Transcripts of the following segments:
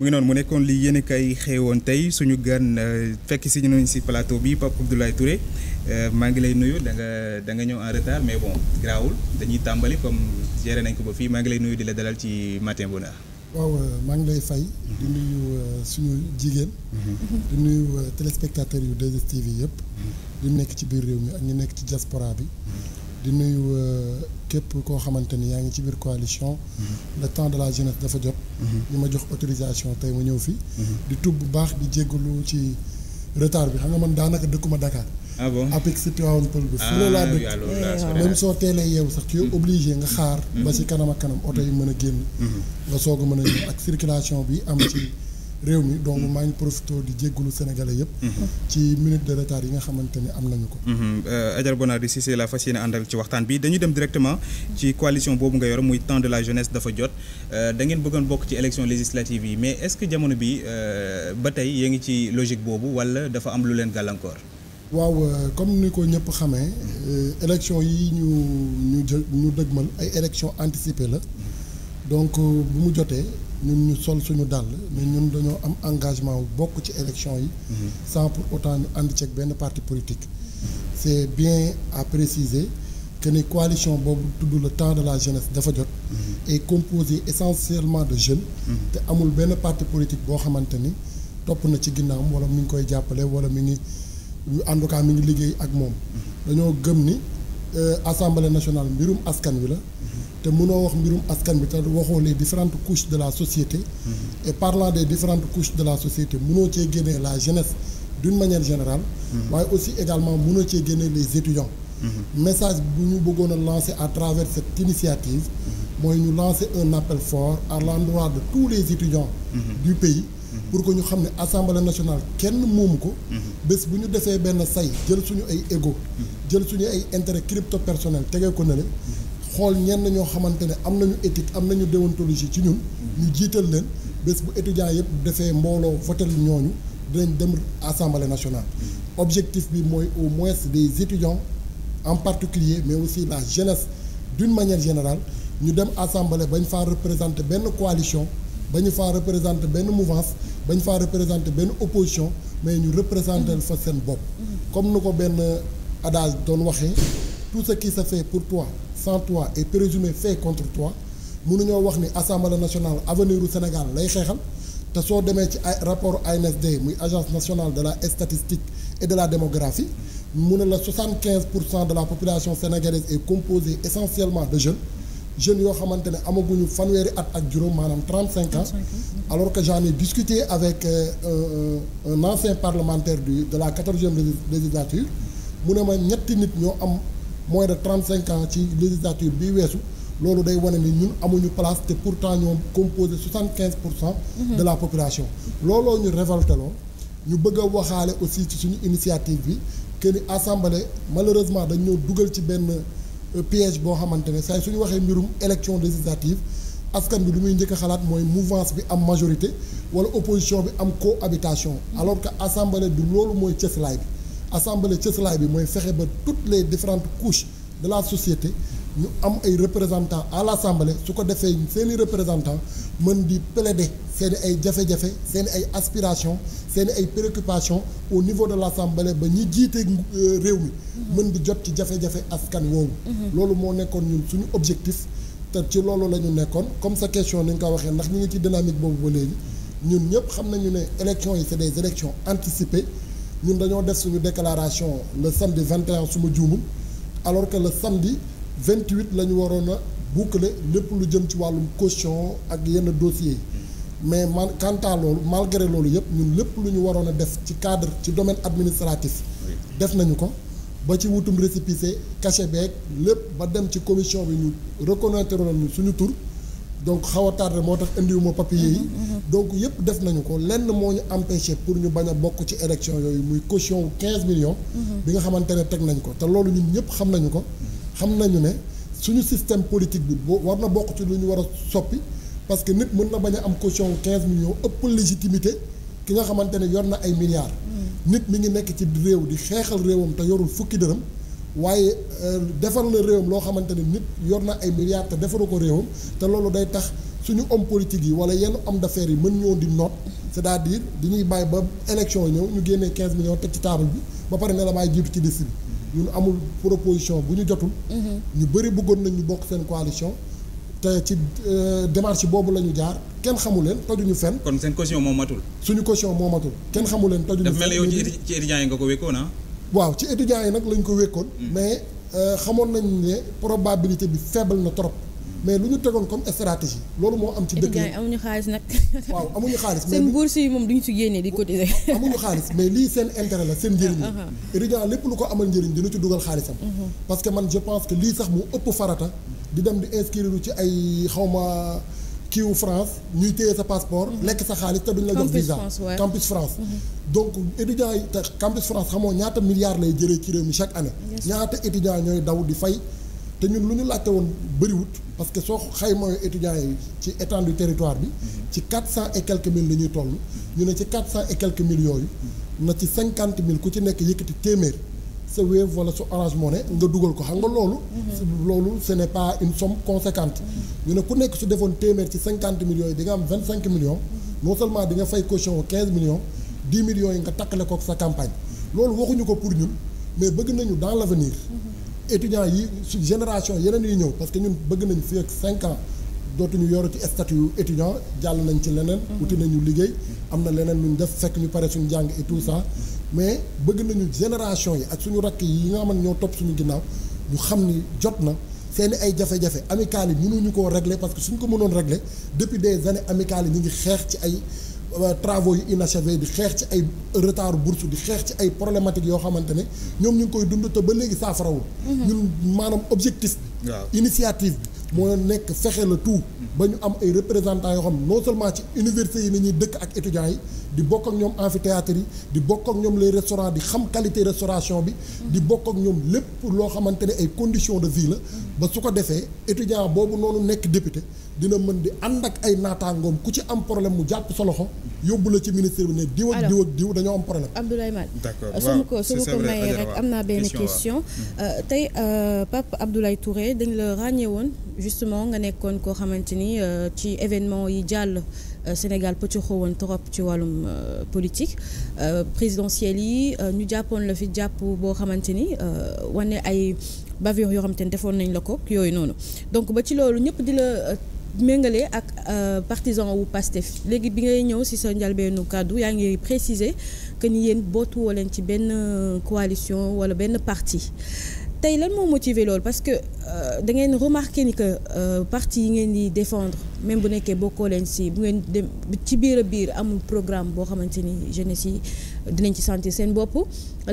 mu ngi noonu mu nekkoon lii yéen kay woon tey suñu gan euh, fekk si ñu si plateau bi Pape Abdoulaye Touré euh, maa ngi lay nuyu da nga da nga ñëw en retard mais bon garaawul dañuy tàmbali comme géré nañ ko ba fii maa ngi lay nuyu di la dalal ci matin bonheur. waaw euh, maa ngi lay fay. di mhm. nuyu suñu jigéen. Mhm. di nuyu téléspectateurs yu 2STV yëpp. Mhm. di nekk ci biir réew mi ak ñu nekk ci diaspora bi. di nuyu képp koo xamante ni yaa ngi ci biir coalition. le temps de la jeunesse dafa jot. ñu ma jox autorisation tey ma ñëw fii. Mhm. di tub bu baax di jéggalu ci retard bi xam nga man daanaka dëkkuma Dakar. ah bon APEX si Tivaouane Peulh bi. fu la ah, laa dëkk même soo teelee yeewu sax ci es mhm. obligé nga xaar. ba si mhm. kanam kanam oto yi mën a génn. nga soog a mën a ak circulation bi am ci. réew mi donc maa ngi profité di jéggulu sénégalais yëpp. ci minute de yi nga xamante ni am nañu ko. Mhm. Euh, Adjar Bonari Cissé la fas yéene àndal ci waxtaan bi dañu dem directement ci coalition boobu nga yor muy temps de la jeunesse dafa jot euh, dangeen ngeen bëggoon bokk ci élection législative yi mais est-ce que jamono bi euh, ba tey yee ngi ci logique boobu walla dafa am lu leen gàllankoor. waaw comme ni ko ñëpp xamee élection yi ñu ñu jël ñu dëgmal ay élection anticipée la mhm. donc bu mu jotee. ñun ñu sol suñu dàll mais ñun dañoo am engagement wu bokk ci élection yi. Mhm. sans pour autant ñu ànd benn parti politique. c'est bien à préciser que ni coalition boobu tudd le temps de la jeunesse dafa jot. Mhm. est composée essentiellement de jeunes. Mhm. te amul benn parti politique boo xamante ni topp na ci ginnaawam wala mi ngi koy jàppale wala mi ngi en tout cas mi ngi liggéey ak moom. dañoo gëm ni. Euh, assemblée nationale mbirum askan wi la te mënoo wax mbirum askan wi te waxoo les différentes couches de la société et parlant des différentes couches de la société mënoo cee génnee la jeunesse d'une manière générale waaye aussi également mënoo cee génne les étudiants message bu ñu bëggoon a lancer à travers cette initiative mooy ñu lancer un appel fort à l'endroit de tous les étudiants du pays pour que ñu xam ne assemblée national kenn moomu ko. bés bu ñu defee benn say jël suñu ay égo. jël suñu ay intérêt crypto personnel tegee ko na le xool ñenn ñoo xamante ne am nañu éthique am nañu déontologie ci ñun. ñu jiital leen bés bu étudiant yëpp defee mbooloo votel ñooñu dinañ dem assemblée nationale. objectif bi mooy au moins des étudiants en particulier mais aussi la jeunesse d'une manière générale ñu dem assemblée bañ faa représenter benn coalition. ba ñu faa représenté benn mouvance ba ñu faa benn opposition mais ñu représenter fa seen bopp. comme nu ko benn adage doon waxee tout ce qui se fait pour toi sans toi et présumé fait contre toi mënuñoo wax ni assemblée national avenir u Sénégal lay xeexal. te soo demee ci ay rapport ANSD muy agence nationale de la statistique et de la démographie mu ne la 75 pour cent de la population sénégalaise est composée essentiellement de jeunes. jeunes yoo xamante ne amaguñu fanweeri at ak juróom maanaam trente cinq alors que j'en ai discuté avec un, euh, euh, un ancien parlementaire du de la quatorzième législature mu ne ma ñetti nit ñoo am moins de trente cinq ci législature bi weesu loolu day wane ni ñun amuñu place te pourtant ñoom composé soixante quinze pour cent mhm. de la population looloo ñu révolté loo ñu bëgg a waxaale aussi ci suñu initiative bi que ni assemblée malheureusement dañ ñoo dugal ci benn piège boo xamante ne saa suñu waxee mbirum élection législative askan bi lu muy njëkk a xalaat mooy mouvance bi am majorité wala opposition bi am cohabitation alors que assemblée du loolu mooy cëslaay bi assemblée cëslaay bi mooy fexe ba toutes les différentes couches de la société ñu am ay représentants à l'assemblée su ko defee seeni représentants mën di plaider seen ay jafe-jafe seen ay aspirations seen ay préoccupations au niveau de l'assemblée ba ñi jiite euh, réew mi. mën di jot ci jafe-jafe askan woowu. Mhm. loolu moo nekkoon ñun suñu objectif. te ci loolu la ñu nekkoon comme sa question ni nga ko waxee ndax ñu ngi ci dynamique boobu ba léegi ñun ñëpp xam nañu ne élections yi c'est des élections anticipées ñun dañoo def suñu déclaration le samedi 21 su ma juumul alors que le samedi 28 la ñu waroon a. boucler lépp lu jëm ci wàllum caution ak yenn dossiers yi mais man quant à loolu malgré loolu yëpp ñun lépp lu ñu waroon a def ci cadre ci domaine administratif def nañu ko ba ci wutum récépissé cachet beeg lépp ba dem ci commission bi ñu reconnaître ñu suñu tur donc xaw a moo tax indiwuma papier yi mm-hmm, mm-hmm. donc yëpp def nañu ko lenn moo ñu empêché pour ñu bañ a bokk ci élection yooyu muy caution wu quinze millions mm-hmm. bi nga xamante ne teg nañ ko te loolu ñun ñëpp xam nañu ko xam nañu ne suñu système politique bi boo war na bokk ci lu ñu war a soppi parce que nit mën na bañ a am caution quinze millions ëpp légitimité ki nga xamante ne yor na ay milliards. Mm. nit mi ngi nekk ci réew di xeexal réewam te yorul fukki dërëm waaye euh, defar na réewam loo xamante ne nit yor na ay milliards te defaru ko réewam te loolu day tax suñu homme politique yi wala yenn homme d'affaires yi mën ñoo di noot cest di dire dañuy bàyyi ba élection ñëw ñu génnee 15 millions te ci table bi ba pare ne la bàyyi jiitu ci liste ñun amul proposition bu ñu jotul. Mm-hmm. ñu bëri bëggoon nañ ñu bokk seen coalition. te ci euh, démarche boobu la ñu jaar kenn xamu leen tojuñu fenn. kon seen caution moo matul. suñu caution moo matul kenn xamu leen. tojuñu fenn daf mel yow ci étudiants yi nga ko wékkoon ah. waaw ci étudiants yi nag lañ ko wékkoon. Mm. mais euh, xamoon nañ ne probabilité bi faible na trop. mais lu ñu tegoon comme stratégie loolu moo am ci dëkk yi amuñu xaalis nag waaw amuñu xaalis seen bourse yi moom ci génnee di cotiser amuñu xaalis mais lii seen intérêt la seen njëriñ la uh-huh. étudiant lépp lu ko amal njëriñ dina ci dugal xaalisam uh-huh. parce que man je pense que lii sax mu farata di dem di inscrire ci ay xawma kiiw France ñuy téye sa passeport uh-huh. lekk sa xaalis te duñ la jox visa campus France donc étudiants yi te campus France xamoo ñaata milliards lay jëlee ci réew mi chaque année ñaata étudiants ñooy daw di fay te ñun lu ñu laajte woon bëriwut parce que soo xayma étudiants yi ci étendue territoire bi ci quatre cent et quelques mille la ñuy toll ñu ne ci quatre cent et quelques mille yooyu na ci cinquante mille ku ci nekk yëkkati téeméer sa Wave wala sa Orange Money nga dugal ko xam nga loolu loolu ce n'est pas une somme conséquente ñu ne ku nekk su defoon téeméer ci cinquante mille yooyu di nga am vingt cinq millions non seulement di nga fay caution wu quinze millions dix millions yi nga takkale ko sa campagne loolu waxuñu ko pour ñun mais bëgg nañu dans l'avenir étudiants yi su génération yeneen yu ñëw parce que ñun bëgg nañ fi ak cinq ans dootuñu yoru ci statut étudiant jàll nañ ci leneen. Mm-hmm. wuti nañu liggéey. am na leneen ñu def fekk ñu pare suñu jàng et tout ça mais bëgg nañu génération yi ak suñu rakk yi nga xam ne ñoo topp suñu ginnaaw ñu xam ni jot na. seeni ay jafe-jafe amicales yi mënuñu koo régler parce que suñ ko mënoon régler depuis des années amicales yi ñu ngi xeex ci ay. Euh, travaux yu inachevé di xeex ci ay retard bourse di xeex ci ay problématiques yoo xamante ne ñoom ñu ngi koy dund te ba léegi saafarawul mhm. ñun maanaam objectif bi initiative moo nekk fexe la tout ba ñu am ay représentants yoo xam non seulement ci université yi ni ñuy dëkk ak étudiants yi di bokk ak ñoom amphithéâtre yi di bokk ak ñoom les restaurants di xam qualité restauration bi di bokk ak ñoom lépp loo xamante ne ay conditions de vie la ba su ko defee étudiant boobu noonu nekk député dina mën di ànd ak ay naataangoom ku ci am problème mu jàpp sa loxo yóbbu la ci ministère bi ne diw ak diw ak diw dañoo am problème. Abdoulaye Mal su ma ko su ma ko mayee rek am naa benn question euh, tey euh, Pape Abdoulaye Touré dañ la ràññee woon justement nga nekkoon koo xamante ni euh, ci événement yi jàll. Euh, Sénégal pëccoxoo woon trop ci wàllum euh, politique euh, présidentielle yi ñu jàppoon la fi jàpp boo xamante ni wane ay bavure yoo xamante ni defoon nañ la ko yooyu noonu donc ba ci loolu ñëpp di la méngale ak partisan wu Pastef léegi bi ngay ñëw si sa njalbeenu kàddu yaa ngi préciser que ni yéen bootuwoo leen ci benn coalition wala benn parti tey lan moo motiver loolu parce que euh, da ngeen remarqué ni que euh, parti yi ngeen di défendre même bu nekkee bokkoo leen si bu ngeen dem ci biir a biir amul programme boo xamante ni jeunesse yi dinañ ci sentir seen bopp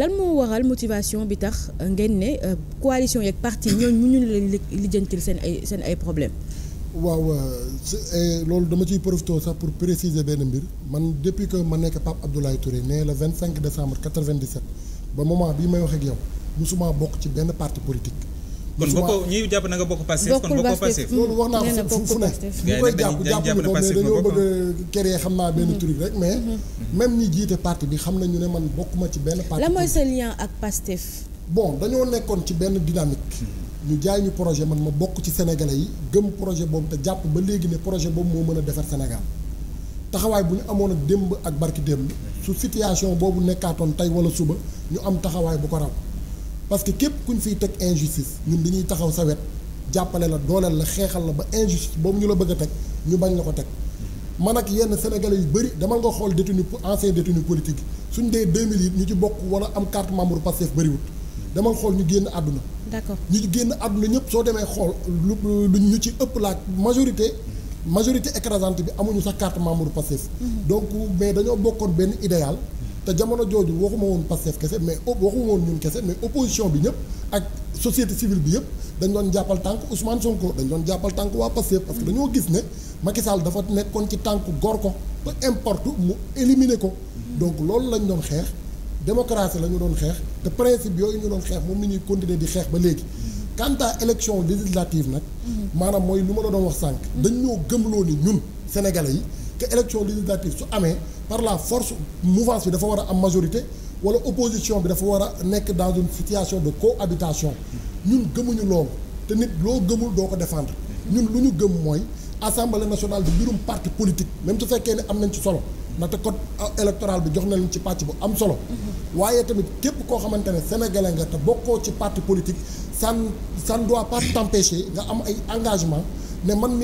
lan moo waral motivation bi tax ngeen ne euh, coalition yeeg parti ñooñu mu ñu leen lijjantil seen ay seen ay problème waaw loolu dama ciy profité sax pour préciser benn mbir man depuis que ma nekk Pape Abdoulaye Touré né le 25 décembre 97 ba moment bii may wax ak yow. musuma bokk ci benn parti politique. musuma kon bokkoo ñuy jàpp na bokk passif kon bokkoo passif. loolu wax naa ko fu fu ne. ñu koy jàpp jàpp ñu xam naa benn mm-hmm. truc rek mais. Mm-hmm. même ñi jiite parti bi xam nañu ne man bokkuma ci benn. parti la mooy ak Pastef. bon dañoo nekkoon ci benn dynamique. Mm-hmm. ñu jaay ñu projet man ma bokk ci sénégalais yi gëm projet boobu te jàpp ba léegi ne projet boobu moo mën a defar Sénégal taxawaay bu ñu amoon a démb ak barki démb su situation boobu nekkaatoon tey wala suba ñu am taxawaay bu ko raw parce que képp ñu fiy teg injustice ñun ñuy taxaw sa wet jàppale la dooleel la xeexal la ba injustice boobu ñu la bëgg a teg ñu bañ nga ko teg man ak yenn sénégalais yu bëri dama nga xool détenu ancien détenu politique yi suñ dee 2000 yi ñu ci bokk wala am carte membre Pastef bëriwut dama nga xool ñu génn àdduna d'accord ñu génn àdduna ñëpp soo demee xool lu ñu ci ëpp laa majorité majorité écrasante bi amuñu sax carte membre Pastef mhm. donc mais dañoo bokkoon benn idéal te jamono jooju waxuma woon Pastef kese mais waxuma woon ñun kese mais opposition bi ñëpp ak société civile bi yëpp dañ doon jàppal tànk Ousmane Sonko dañ doon jàppal tànk waa Pastef parce que dañoo gis ne Macky Sall dafa nekkoon ci tànk gor ko peu importe mu éliminer ko donc loolu lañ doon xeex démocratie la ñu doon xeex te principe yooyu ñu doon xeex moom la ñuy continuer di xeex ba léegi quant à élection législative nag maanaam mooy lu ma la doon wax sànq dañ ñoo gëmloo ni ñun sénégalais yi que élection législative su amee par la force mouvance bi dafa war a am majorité wala opposition bi dafa war a nekk dans une situation de cohabitation ñun gëmuñu loolu te nit loo gëmul doo ko défendre ñun lu ñu gëm mooy assemblée nationale bi mbirum parti politique même su fekkee ne am nañ ci solo ndaxte code électoral bi jox na ci pàcc bu am solo waaye tamit képp koo xamante ne sénégalais nga te bokkoo ci parti politique san san ne doit pas nga am ay engagement ne man